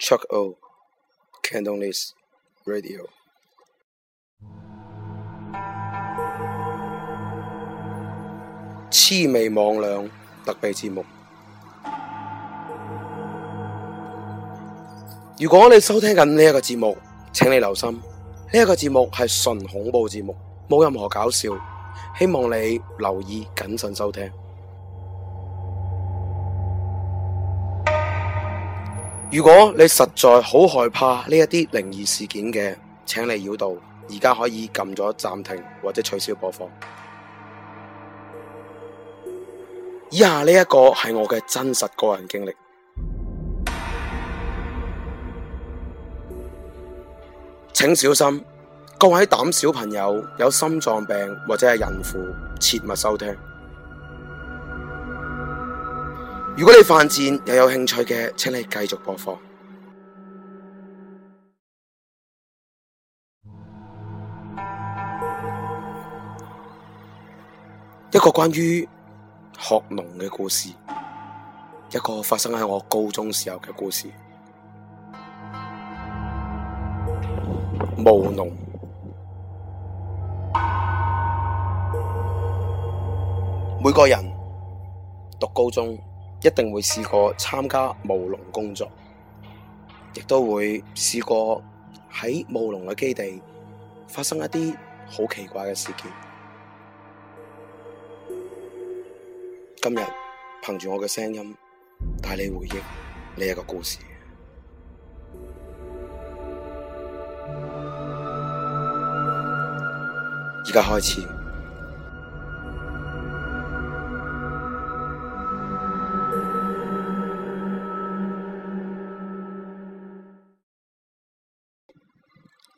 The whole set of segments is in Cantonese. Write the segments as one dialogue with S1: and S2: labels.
S1: Chuck O Cantonese Radio 黐眉望兩特備節目。如果你收聽緊呢一個節目，請你留心，呢一個節目係純恐怖節目，冇任何搞笑，希望你留意謹慎收聽。如果你實在好害怕呢一啲靈異事件嘅，請你繞道，而家可以撳咗暫停或者取消播放。以下呢一個係我嘅真實個人經歷，請小心，各位膽小朋友，有心臟病或者係孕婦切勿收聽。如果你犯賤又有興趣嘅，請你繼續播放，一個關於學農嘅故事，一個發生喺我高中時候嘅故事。務農，每個人讀高中，一定會試過參加務農工作，亦都會試過喺務農嘅基地發生一啲好奇怪嘅事件。今日憑住我嘅聲音帶你回憶呢一個故事，而家開始。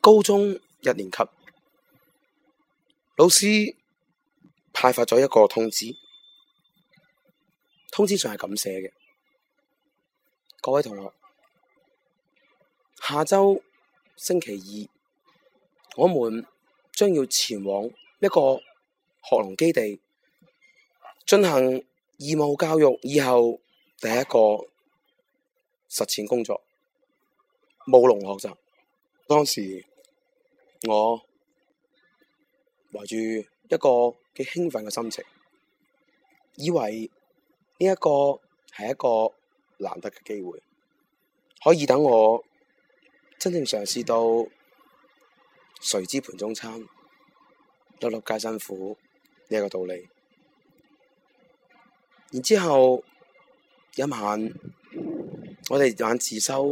S1: 高中一年級，老師派發咗一個通知，通知上係咁寫嘅，各位同學，下周星期二，我們將要前往一個學農基地進行義務教育以後第一個實踐工作，務農學習。當時。我懷住一個幾興奮嘅心情，以為呢一個係一個難得嘅機會，可以等我真正嘗試到誰知盤中餐，粒粒皆辛苦呢一個道理。然之後有一晚，我哋晚自修，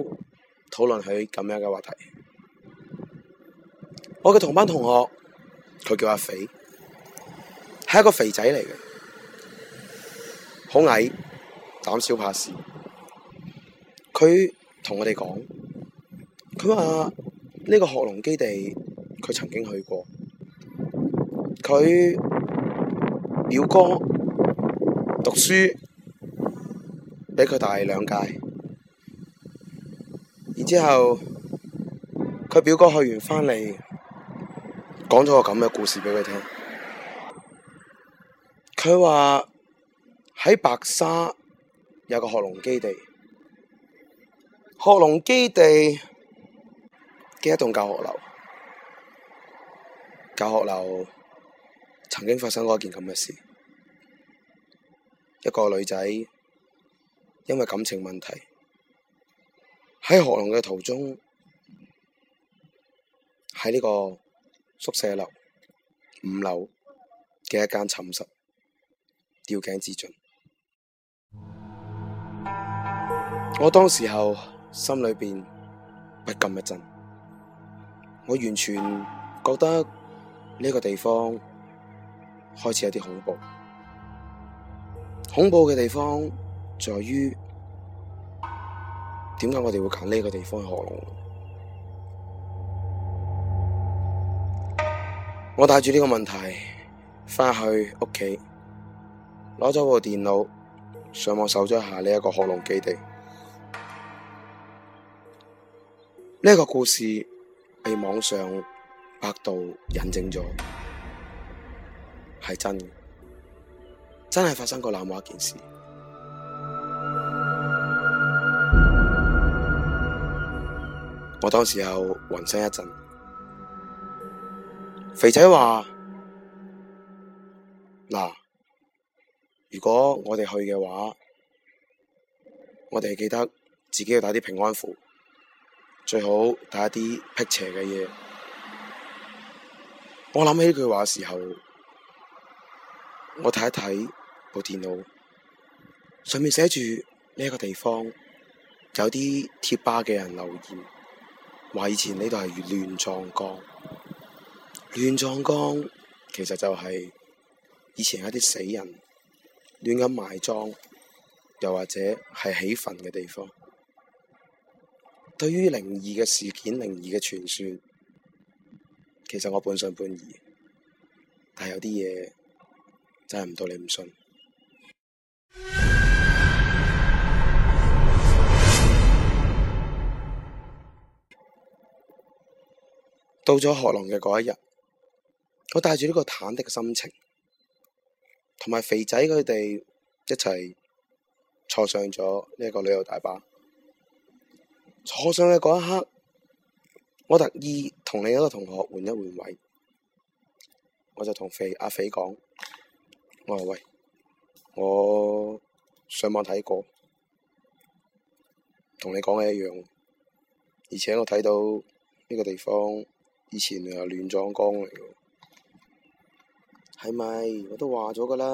S1: 討論佢咁樣嘅話題。我嘅同班同學，佢叫阿肥，係一個肥仔嚟嘅，好矮，膽小怕事。佢同我哋講，佢話呢個學農基地，佢曾經去過，佢表哥讀書比佢大兩屆，然之後佢表哥去完翻嚟。講咗個咁嘅故事畀佢聽。佢話喺白沙有個學農基地，學農基地嘅一棟教學樓，教學樓曾經發生過一件咁嘅事。一個女仔因為感情問題喺學農嘅途中，喺呢個。宿舍樓五樓嘅一間寢室，吊頸自盡。我當時候心裏邊不禁一震，我完全覺得呢個地方開始有啲恐怖。恐怖嘅地方在於，點解我哋會揀呢個地方去學龍？我帶住呢個問題，返去屋企，攞咗部電腦上網搜咗下呢一個恐龍基地，呢個故事被網上百度引證咗，係真，真係發生過那麼一件事。我當時候渾身一震。肥仔話：嗱，如果我哋去嘅話，我哋記得自己要帶啲平安符，最好帶一啲辟邪嘅嘢。我諗起呢句話時候，我睇一睇部電腦，上面寫住呢一個地方有啲貼吧嘅人留言，話以前呢度係亂葬崗。亂葬崗其實就係以前一啲死人亂咁埋葬，又或者係起墳嘅地方。對於靈異嘅事件、靈異嘅傳說，其實我半信半疑，但係有啲嘢真係唔到你唔信。 到咗學龍嘅嗰一日。我帶住呢個忐忑嘅心情，同埋肥仔佢哋一齊坐上咗呢一個旅遊大巴。坐上去嗰一刻，我特意同另一個同學換一換位，我就同肥阿肥講，我話喂，我上網睇過，同你講嘅一樣，而且我睇到呢個地方以前係亂葬崗嚟嘅。係咪？我都話咗噶啦，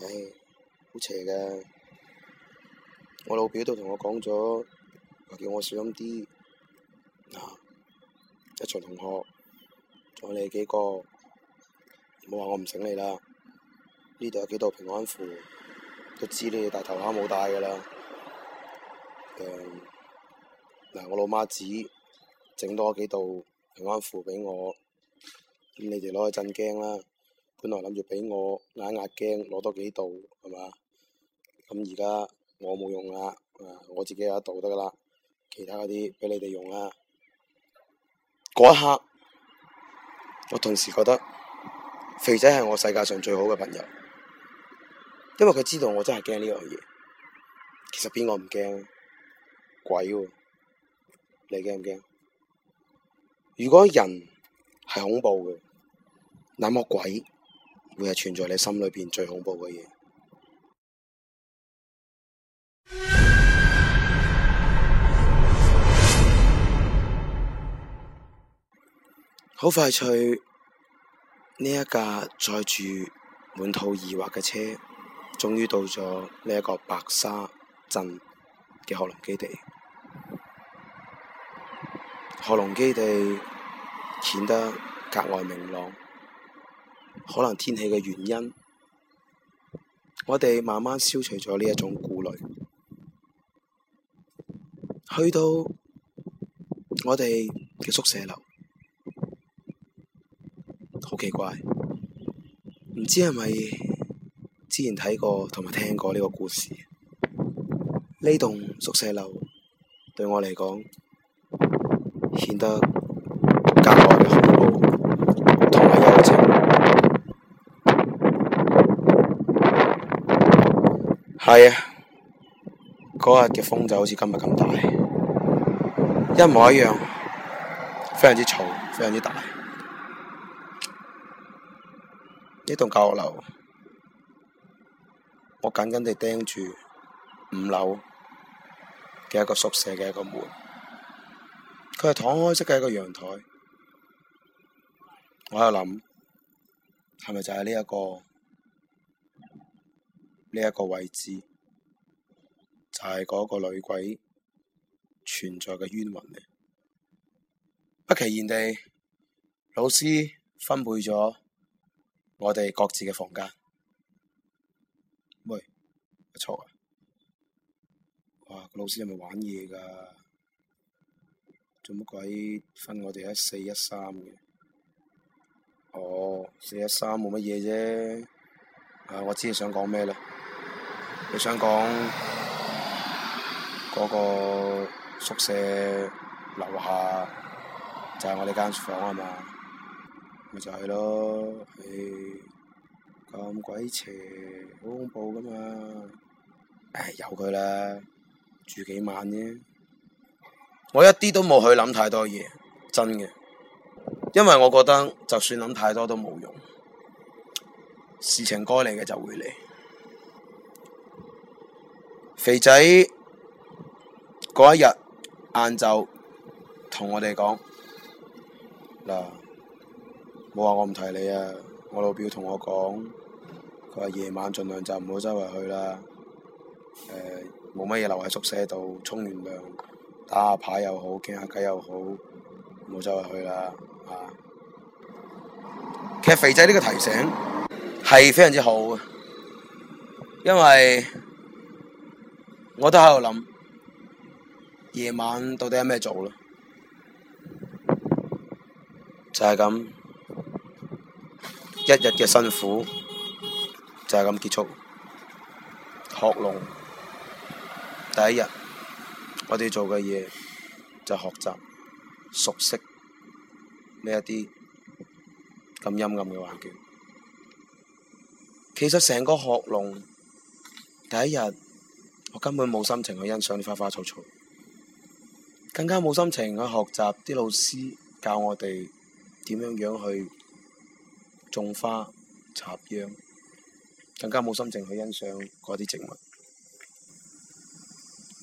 S1: 唉，好邪嘅。我老表都同我講咗，話叫我小心啲。嗱、啊，一場同學，仲有你幾個，唔好話我唔醒你啦。呢度有幾道平安符，都知你哋大頭蝦冇帶噶啦。誒、嗯，嗱、啊，我老媽子整多幾道平安符畀我。咁你哋攞去震驚啦！本來諗住畀我壓壓驚，攞多幾度，係嘛？咁而家我冇用啦，啊！我自己有一度得噶啦，其他嗰啲畀你哋用啦。嗰一刻，我同時覺得肥仔係我世界上最好嘅朋友，因為佢知道我真係驚呢樣嘢。其實邊個唔驚？鬼喎、啊！你驚唔驚？如果人係恐怖嘅。那麼鬼會係存在你心裏邊最恐怖嘅嘢。好 快脆，呢一架載住滿肚疑惑嘅車，終於到咗呢一個白沙鎮嘅賀龍基地。賀龍基地顯得格外明朗。可能天氣嘅原因，我哋慢慢消除咗呢一種顧慮。去到我哋嘅宿舍樓，好奇怪，唔知係咪之前睇過同埋聽過呢個故事，呢棟宿舍樓對我嚟講，顯得。係啊，嗰日嘅風就好似今日咁大，一模一樣，非常之嘈，非常之大。呢棟教學樓，我緊緊地盯住五樓嘅一個宿舍嘅一個門，佢係敞開式嘅一個陽台，我喺度諗，係咪就係呢一個？呢一個位置就係、是、嗰個女鬼存在嘅冤魂咧。不其然地，老師分配咗我哋各自嘅房間。喂，唔係，錯啊！哇，個老師係咪玩嘢噶？做乜鬼分我哋一四一三嘅？哦，四一三冇乜嘢啫。啊，我知你想講咩啦～你想講嗰個宿舍樓下就係我哋間房吖嘛？咪就係咯，咁鬼邪，好恐怖㗎嘛！誒有佢啦，住幾晚啫。我一啲都冇去諗太多嘢，真嘅，因為我覺得就算諗太多都冇用，事情該嚟嘅就會嚟。肥仔嗰一日晏晝同我哋講嗱，冇話我唔提你啊！我老表同我講，佢話夜晚盡量就唔好周圍去啦。誒、呃，冇乜嘢留喺宿舍度，沖完涼打下牌又好，傾下偈又好，冇周圍去啦。啊，其實肥仔呢個提醒係非常之好嘅，因為。我都喺度諗，夜晚到底有咩做呢？就係咁，一日嘅辛苦就係咁結束。學龍第一日，我哋做嘅嘢，就學習熟悉呢一啲咁陰暗嘅環境。其實成個學龍第一日。我根本冇心情去欣賞啲花花草草，更加冇心情去學習啲老師教我哋點樣樣去種花插秧，更加冇心情去欣賞嗰啲植物。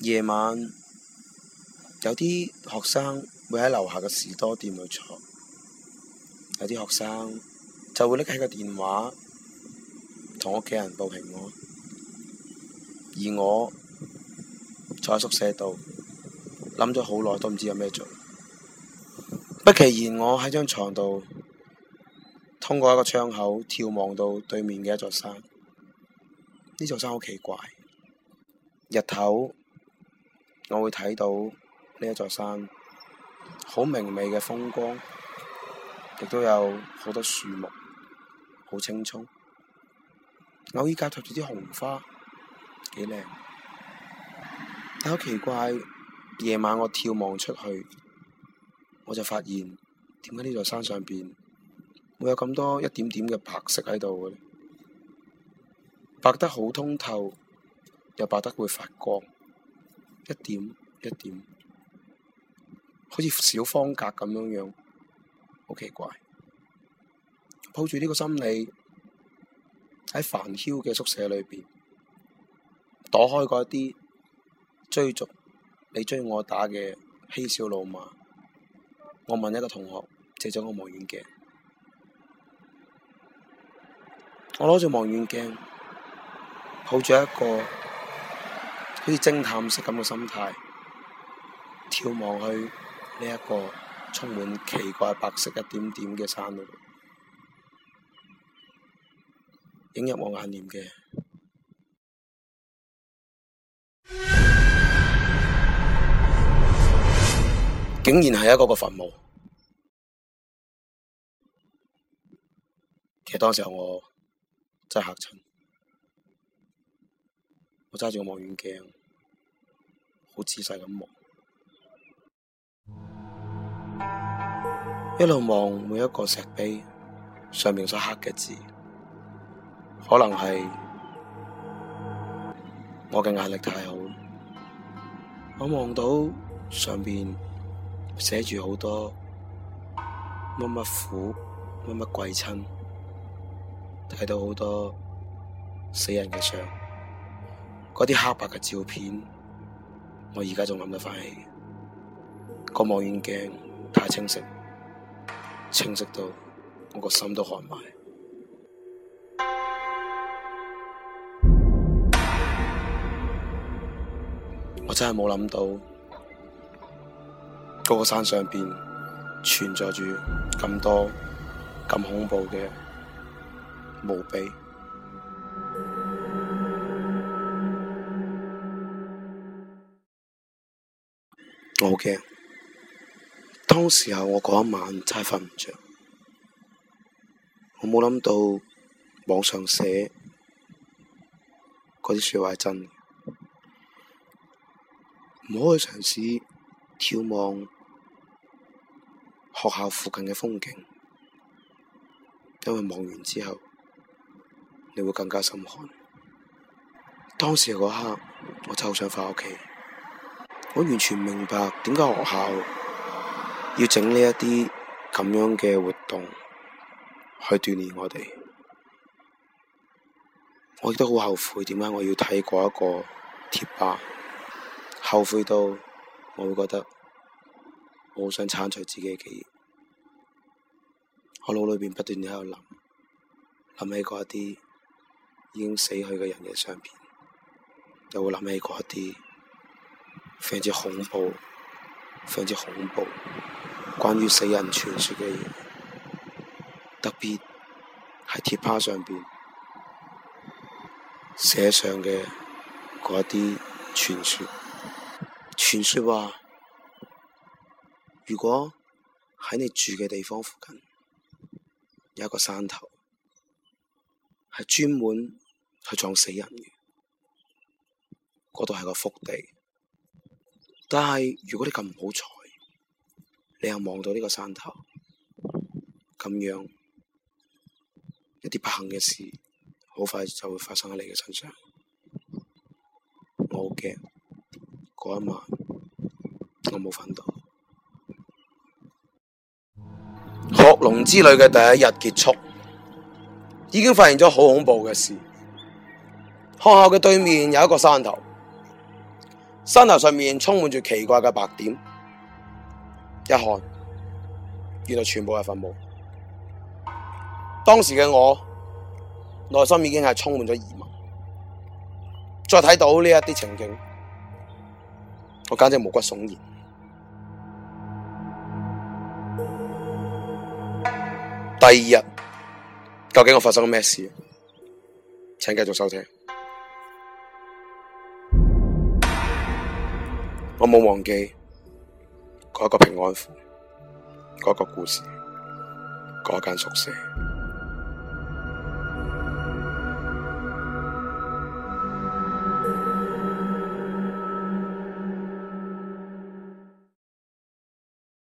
S1: 夜晚有啲學生會喺樓下嘅士多店去坐，有啲學生就會拎起個電話同屋企人報平安。而我坐喺宿舍度，諗咗好耐都唔知有咩做。不其然，我喺張床度，通過一個窗口眺望到對面嘅一座山。呢座山好奇怪，日頭我會睇到呢一座山好明媚嘅風光，亦都有好多樹木，好青蔥，偶爾夾雜住啲紅花。幾靚，但好奇怪，夜晚我眺望出去，我就發現點解呢座山上邊會有咁多一點點嘅白色喺度嘅咧？白得好通透，又白得會發光，一點一點，好似小方格咁樣樣，好奇怪。抱住呢個心理，喺煩囂嘅宿舍裏邊。躲開嗰啲追逐你追我打嘅嬉笑怒罵。我問一個同學借咗個望遠鏡，我攞住望遠鏡，抱住一個好似偵探式咁嘅心態，眺望去呢一個充滿奇怪白色一點點嘅山路，映入我眼簾嘅。竟然係一個個墳墓，其實當時我真係嚇親，我揸住個望遠鏡，好仔細咁望， 一路望每一個石碑上面所刻嘅字，可能係我嘅壓力太好，我望到上邊。寫住好多乜乜苦乜乜貴親，睇到好多死人嘅相，嗰啲黑白嘅照片，我而家仲諗得翻起，個望遠鏡太清晰，清晰到我個心都寒埋，我真係冇諗到。嗰個山上邊存在住咁多咁恐怖嘅墓碑，我好驚。當時候我嗰一晚真係瞓唔着，我冇諗到網上寫嗰啲說話係真嘅，唔可以嘗試眺望學校附近嘅風景，因為望完之後，你會更加心寒。當時嗰刻，我就好想返屋企，我完全唔明白點解學校要整呢一啲咁樣嘅活動去鍛煉我哋。我亦都好後悔，點解我要睇過一個貼吧？後悔到我會覺得。我好想剷除自己嘅記憶，我腦裏邊不斷地喺度諗，諗起嗰一啲已經死去嘅人嘅相片，又會諗起嗰一啲非常之恐怖、非常之恐怖，關於死人傳説嘅嘢，特別係貼吧上邊寫上嘅嗰啲傳説，傳説話。如果喺你住嘅地方附近有一個山頭，係專門去撞死人嘅，嗰度係個福地。但係如果你咁唔好彩，你又望到呢個山頭，咁樣一啲不幸嘅事好快就會發生喺你嘅身上。我好驚，嗰一晚，我冇瞓到。龍之旅嘅第一日結束，已經發現咗好恐怖嘅事。學校嘅對面有一個山頭，山頭上面充滿住奇怪嘅白點，一看，原來全部係墳墓。當時嘅我，內心已經係充滿咗疑問。再睇到呢一啲情景，我簡直毛骨悚然。第二日，究竟我發生咗咩事？請繼續收聽。我冇忘記嗰一個平安符，嗰一個故事，嗰間宿舍。